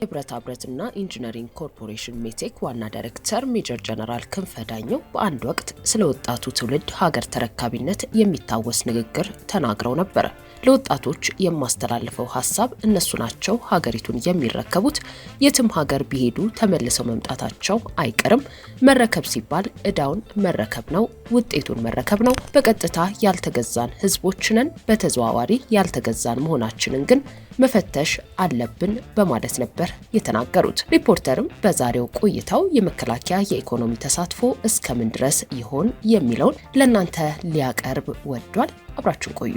የብረታ ብረትና ኢንጂነሪንግ ኮርፖሬሽን ሜቴክ ዋና ዳይሬክተር ሜጀር ጀነራል ክንፈ ዳኘው በአንድ ወቅት ስለ ወጣቱ ትውልድ ሀገር ተረካቢነት የሚታወስ ንግግር ተናግረው ነበር። ለወጣቶች የማስተላልፈው ሀሳብ እነሱ ናቸው ሀገሪቱን የሚረከቡት። የትም ሀገር ቢሄዱ ተመልሰው መምጣታቸው አይቀርም። መረከብ ሲባል እዳውን መረከብ ነው፣ ውጤቱን መረከብ ነው። በቀጥታ ያልተገዛን ህዝቦችንን ነን፣ በተዘዋዋሪ ያልተገዛን መሆናችንን ግን መፈተሽ አለብን በማለት ነበር ነበር የተናገሩት። ሪፖርተርም በዛሬው ቆይታው የመከላከያ የኢኮኖሚ ተሳትፎ እስከምን ድረስ ይሆን የሚለውን ለእናንተ ሊያቀርብ ወዷል። አብራችን ቆዩ።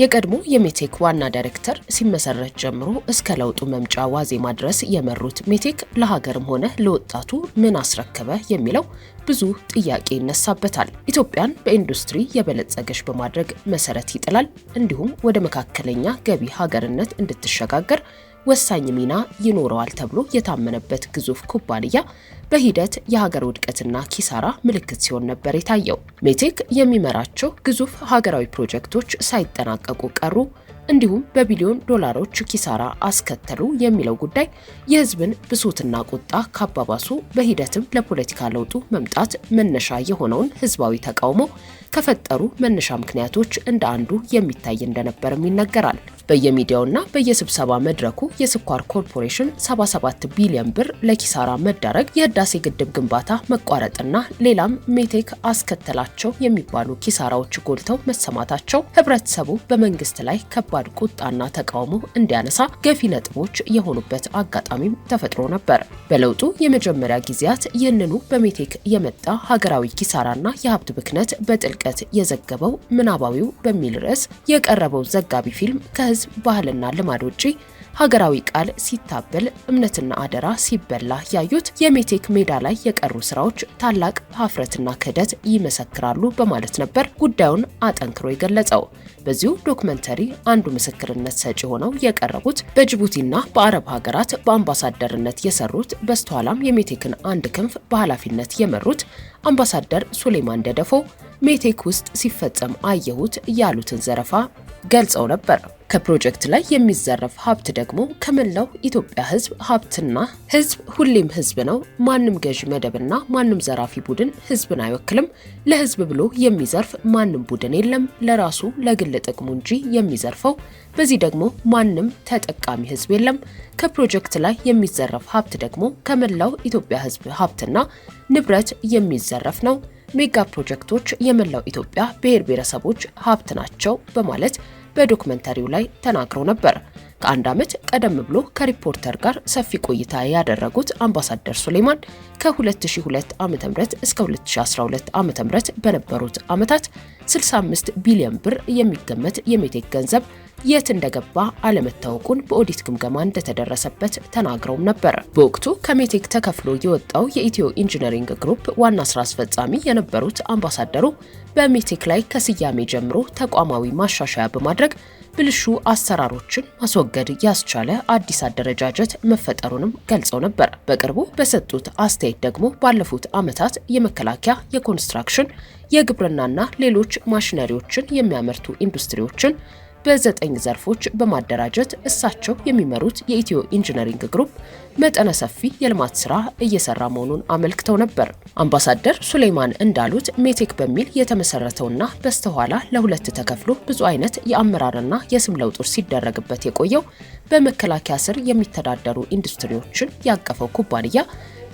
የቀድሞ የሜቴክ ዋና ዳይሬክተር ሲመሰረት ጀምሮ እስከ ለውጡ መምጫ ዋዜማ ድረስ የመሩት ሜቴክ ለሀገርም ሆነ ለወጣቱ ምን አስረከበ የሚለው ብዙ ጥያቄ ይነሳበታል። ኢትዮጵያን በኢንዱስትሪ የበለጸገች በማድረግ መሰረት ይጥላል፣ እንዲሁም ወደ መካከለኛ ገቢ ሀገርነት እንድትሸጋገር ወሳኝ ሚና ይኖረዋል ተብሎ የታመነበት ግዙፍ ኩባንያ በሂደት የሀገር ውድቀትና ኪሳራ ምልክት ሲሆን ነበር የታየው። ሜቴክ የሚመራቸው ግዙፍ ሀገራዊ ፕሮጀክቶች ሳይጠናቀቁ ቀሩ፣ እንዲሁም በቢሊዮን ዶላሮች ኪሳራ አስከተሉ የሚለው ጉዳይ የሕዝብን ብሶትና ቁጣ ካባባሱ በሂደትም ለፖለቲካ ለውጡ መምጣት መነሻ የሆነውን ሕዝባዊ ተቃውሞ ከፈጠሩ መነሻ ምክንያቶች እንደ አንዱ የሚታይ እንደነበርም ይነገራል። በየሚዲያውና በየስብሰባ መድረኩ የስኳር ኮርፖሬሽን 77 ቢሊዮን ብር ለኪሳራ መዳረግ፣ የህዳሴ ግድብ ግንባታ መቋረጥና ሌላም ሜቴክ አስከተላቸው የሚባሉ ኪሳራዎች ጎልተው መሰማታቸው ህብረተሰቡ በመንግስት ላይ ከባድ ቁጣና ተቃውሞ እንዲያነሳ ገፊ ነጥቦች የሆኑበት አጋጣሚም ተፈጥሮ ነበር። በለውጡ የመጀመሪያ ጊዜያት ይህንኑ በሜቴክ የመጣ ሀገራዊ ኪሳራና የሀብት ብክነት በጥልቅ በጥልቀት የዘገበው ምናባዊው በሚል ርዕስ የቀረበው ዘጋቢ ፊልም ከህዝብ ባህልና ልማድ ውጪ ሀገራዊ ቃል ሲታበል እምነትና አደራ ሲበላ ያዩት የሜቴክ ሜዳ ላይ የቀሩ ስራዎች ታላቅ ሀፍረትና ክህደት ይመሰክራሉ በማለት ነበር ጉዳዩን አጠንክሮ የገለጸው። በዚሁ ዶክመንተሪ አንዱ ምስክርነት ሰጪ ሆነው የቀረቡት በጅቡቲና በአረብ ሀገራት በአምባሳደርነት የሰሩት በስተኋላም የሜቴክን አንድ ክንፍ በኃላፊነት የመሩት አምባሳደር ሱሌማን ደደፎ ሜቴክ ውስጥ ሲፈጸም አየሁት ያሉትን ዘረፋ ገልጸው ነበር። ከፕሮጀክት ላይ የሚዘረፍ ሀብት ደግሞ ከመላው ኢትዮጵያ ህዝብ ሀብትና ህዝብ ሁሌም ህዝብ ነው። ማንም ገዢ መደብና ማንም ዘራፊ ቡድን ህዝብን አይወክልም። ለህዝብ ብሎ የሚዘርፍ ማንም ቡድን የለም። ለራሱ ለግል ጥቅሙ እንጂ የሚዘርፈው። በዚህ ደግሞ ማንም ተጠቃሚ ህዝብ የለም። ከፕሮጀክት ላይ የሚዘረፍ ሀብት ደግሞ ከመላው ኢትዮጵያ ህዝብ ሀብትና ንብረት የሚዘረፍ ነው። ሜጋ ፕሮጀክቶች የመላው ኢትዮጵያ ብሔር ብሔረሰቦች ሀብት ናቸው በማለት በዶክመንተሪው ላይ ተናግረው ነበር። ከአንድ ዓመት ቀደም ብሎ ከሪፖርተር ጋር ሰፊ ቆይታ ያደረጉት አምባሳደር ሱሌማን ከ2002 ዓ.ም እስከ 2012 ዓ.ም በነበሩት ዓመታት 65 ቢሊዮን ብር የሚገመት የሜቴክ ገንዘብ የት እንደገባ አለመታወቁን በኦዲት ግምገማ እንደተደረሰበት ተናግረውም ነበር። በወቅቱ ከሜቴክ ተከፍሎ የወጣው የኢትዮ ኢንጂነሪንግ ግሩፕ ዋና ስራ አስፈጻሚ የነበሩት አምባሳደሩ በሜቴክ ላይ ከስያሜ ጀምሮ ተቋማዊ ማሻሻያ በማድረግ ብልሹ አሰራሮችን ማስወገድ ያስቻለ አዲስ አደረጃጀት መፈጠሩንም ገልጸው ነበር። በቅርቡ በሰጡት አስተያየት ደግሞ ባለፉት ዓመታት የመከላከያ፣ የኮንስትራክሽን፣ የግብርናና ሌሎች ማሽነሪዎችን የሚያመርቱ ኢንዱስትሪዎችን በዘጠኝ ዘርፎች በማደራጀት እሳቸው የሚመሩት የኢትዮ ኢንጂነሪንግ ግሩፕ መጠነ ሰፊ የልማት ስራ እየሰራ መሆኑን አመልክተው ነበር። አምባሳደር ሱሌይማን እንዳሉት ሜቴክ በሚል የተመሰረተውና በስተኋላ ለሁለት ተከፍሎ ብዙ አይነት የአመራርና የስም ለውጦች ሲደረግበት የቆየው በመከላከያ ስር የሚተዳደሩ ኢንዱስትሪዎችን ያቀፈው ኩባንያ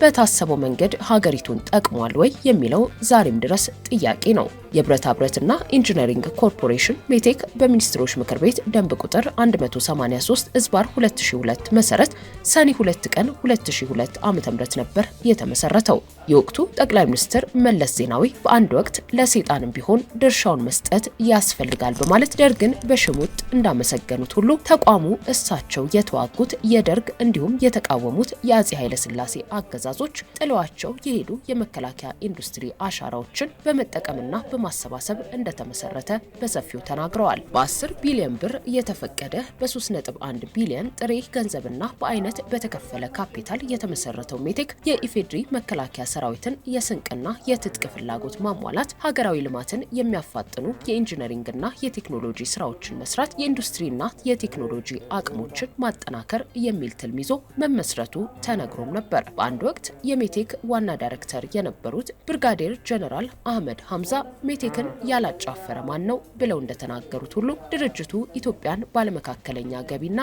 በታሰበው መንገድ ሀገሪቱን ጠቅሟል ወይ የሚለው ዛሬም ድረስ ጥያቄ ነው። የብረታ ብረትና ኢንጂነሪንግ ኮርፖሬሽን ሜቴክ በሚኒስትሮች ምክር ቤት ደንብ ቁጥር 183 እዝባር 2002 መሰረት ሰኔ 2 ቀን 2002 ዓ.ም ነበር የተመሰረተው። የወቅቱ ጠቅላይ ሚኒስትር መለስ ዜናዊ በአንድ ወቅት ለሴጣንም ቢሆን ድርሻውን መስጠት ያስፈልጋል በማለት ደርግን በሽሙጥ እንዳመሰገኑት ሁሉ ተቋሙ እሳቸው የተዋጉት የደርግ እንዲሁም የተቃወሙት የአጼ ኃይለስላሴ አገዛዝ አገዛዞች ጥለዋቸው የሄዱ የመከላከያ ኢንዱስትሪ አሻራዎችን በመጠቀምና በማሰባሰብ እንደተመሰረተ በሰፊው ተናግረዋል። በ10 ቢሊዮን ብር የተፈቀደ በ3.1 ቢሊዮን ጥሬ ገንዘብና በአይነት በተከፈለ ካፒታል የተመሰረተው ሜቴክ የኢፌዴሪ መከላከያ ሰራዊትን የስንቅና የትጥቅ ፍላጎት ማሟላት፣ ሀገራዊ ልማትን የሚያፋጥኑ የኢንጂነሪንግና የቴክኖሎጂ ስራዎችን መስራት፣ የኢንዱስትሪና የቴክኖሎጂ አቅሞችን ማጠናከር የሚል ትልም ይዞ መመስረቱ ተነግሮም ነበር። በአንድ ወቅት ወቅት የሜቴክ ዋና ዳይሬክተር የነበሩት ብርጋዴር ጀነራል አህመድ ሀምዛ ሜቴክን ያላጫፈረ ማን ነው ብለው እንደተናገሩት ሁሉ ድርጅቱ ኢትዮጵያን ባለመካከለኛ ገቢና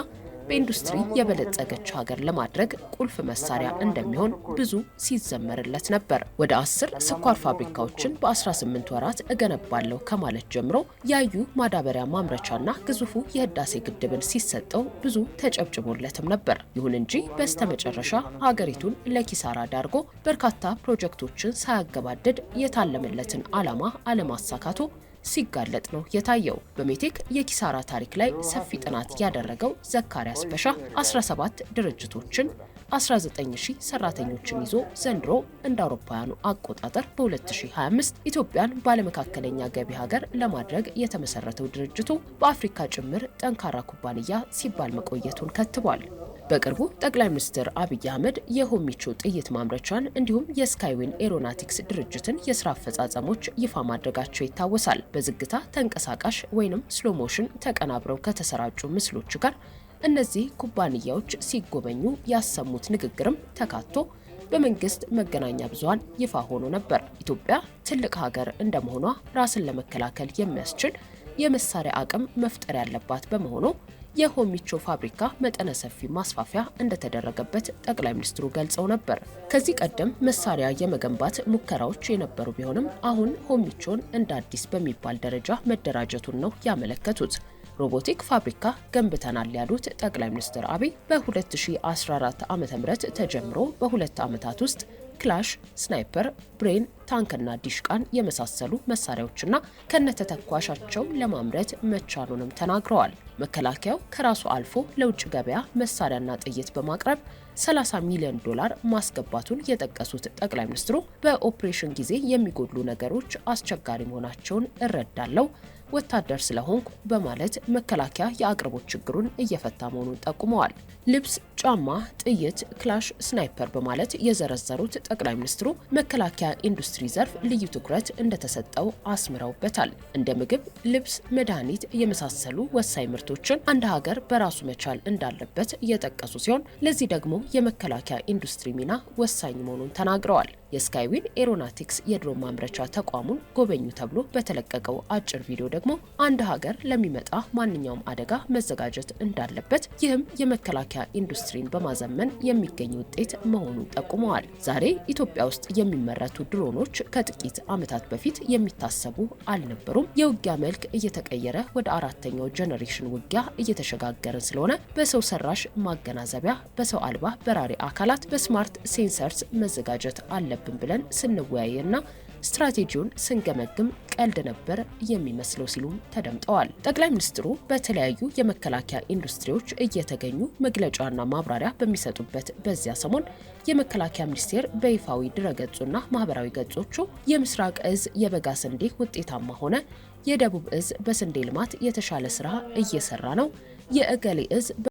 በኢንዱስትሪ የበለጸገች ሀገር ለማድረግ ቁልፍ መሳሪያ እንደሚሆን ብዙ ሲዘመርለት ነበር። ወደ አስር ስኳር ፋብሪካዎችን በ18 ወራት እገነባለሁ ከማለት ጀምሮ ያዩ ማዳበሪያ ማምረቻና ግዙፉ የህዳሴ ግድብን ሲሰጠው ብዙ ተጨብጭቦለትም ነበር። ይሁን እንጂ በስተመጨረሻ ሀገሪቱን ለኪሳራ ዳርጎ በርካታ ፕሮጀክቶችን ሳያገባደድ የታለመለትን ዓላማ አለማሳካቱ ሲጋለጥ ነው የታየው። በሜቴክ የኪሳራ ታሪክ ላይ ሰፊ ጥናት ያደረገው ዘካሪያስ በሻ 17 ድርጅቶችን 19000 ሰራተኞችን ይዞ ዘንድሮ እንደ አውሮፓውያኑ አቆጣጠር በ2025 ኢትዮጵያን ባለመካከለኛ ገቢ ሀገር ለማድረግ የተመሰረተው ድርጅቱ በአፍሪካ ጭምር ጠንካራ ኩባንያ ሲባል መቆየቱን ከትቧል። በቅርቡ ጠቅላይ ሚኒስትር አብይ አህመድ የሆሚቾ ጥይት ማምረቻን እንዲሁም የስካይዊን ኤሮናቲክስ ድርጅትን የስራ አፈጻጸሞች ይፋ ማድረጋቸው ይታወሳል። በዝግታ ተንቀሳቃሽ ወይም ስሎሞሽን ተቀናብረው ከተሰራጩ ምስሎች ጋር እነዚህ ኩባንያዎች ሲጎበኙ ያሰሙት ንግግርም ተካቶ በመንግስት መገናኛ ብዙሃን ይፋ ሆኖ ነበር። ኢትዮጵያ ትልቅ ሀገር እንደመሆኗ ራስን ለመከላከል የሚያስችል የመሳሪያ አቅም መፍጠር ያለባት በመሆኑ የሆሚቾ ፋብሪካ መጠነ ሰፊ ማስፋፊያ እንደተደረገበት ጠቅላይ ሚኒስትሩ ገልጸው ነበር። ከዚህ ቀደም መሳሪያ የመገንባት ሙከራዎች የነበሩ ቢሆንም አሁን ሆሚቾን እንደ አዲስ በሚባል ደረጃ መደራጀቱን ነው ያመለከቱት። ሮቦቲክ ፋብሪካ ገንብተናል ያሉት ጠቅላይ ሚኒስትር አብይ በ2014 ዓ.ም ተጀምሮ በሁለት ዓመታት ውስጥ ክላሽ፣ ስናይፐር፣ ብሬን፣ ታንክና ዲሽቃን የመሳሰሉ መሳሪያዎችና ከነተተኳሻቸው ለማምረት መቻሉንም ተናግረዋል። መከላከያው ከራሱ አልፎ ለውጭ ገበያ መሳሪያና ጥይት በማቅረብ 30 ሚሊዮን ዶላር ማስገባቱን የጠቀሱት ጠቅላይ ሚኒስትሩ በኦፕሬሽን ጊዜ የሚጎድሉ ነገሮች አስቸጋሪ መሆናቸውን እረዳለው ወታደር ስለሆንኩ በማለት መከላከያ የአቅርቦት ችግሩን እየፈታ መሆኑን ጠቁመዋል። ልብስ፣ ጫማ፣ ጥይት፣ ክላሽ፣ ስናይፐር በማለት የዘረዘሩት ጠቅላይ ሚኒስትሩ መከላከያ ኢንዱስትሪ ዘርፍ ልዩ ትኩረት እንደተሰጠው አስምረውበታል። እንደ ምግብ፣ ልብስ፣ መድኃኒት የመሳሰሉ ወሳኝ ምርቶችን አንድ ሀገር በራሱ መቻል እንዳለበት የጠቀሱ ሲሆን ለዚህ ደግሞ የመከላከያ ኢንዱስትሪ ሚና ወሳኝ መሆኑን ተናግረዋል። የስካይዊን ኤሮናቲክስ የድሮ ማምረቻ ተቋሙን ጎበኙ ተብሎ በተለቀቀው አጭር ቪዲዮ ደግሞ አንድ ሀገር ለሚመጣ ማንኛውም አደጋ መዘጋጀት እንዳለበት ይህም የመከላከያ ኢንዱስትሪን በማዘመን የሚገኝ ውጤት መሆኑን ጠቁመዋል። ዛሬ ኢትዮጵያ ውስጥ የሚመረቱ ድሮኖች ከጥቂት ዓመታት በፊት የሚታሰቡ አልነበሩም። የውጊያ መልክ እየተቀየረ ወደ አራተኛው ጄኔሬሽን ውጊያ እየተሸጋገርን ስለሆነ በሰው ሰራሽ ማገናዘቢያ፣ በሰው አልባ በራሪ አካላት፣ በስማርት ሴንሰርስ መዘጋጀት አለበት አለብን ብለን ስንወያይና ስትራቴጂውን ስንገመግም ቀልድ ነበር የሚመስለው ሲሉም ተደምጠዋል። ጠቅላይ ሚኒስትሩ በተለያዩ የመከላከያ ኢንዱስትሪዎች እየተገኙ መግለጫና ማብራሪያ በሚሰጡበት በዚያ ሰሞን የመከላከያ ሚኒስቴር በይፋዊ ድረገጹና ማህበራዊ ገጾቹ የምስራቅ እዝ የበጋ ስንዴ ውጤታማ ሆነ፣ የደቡብ እዝ በስንዴ ልማት የተሻለ ስራ እየሰራ ነው፣ የእገሌ እዝ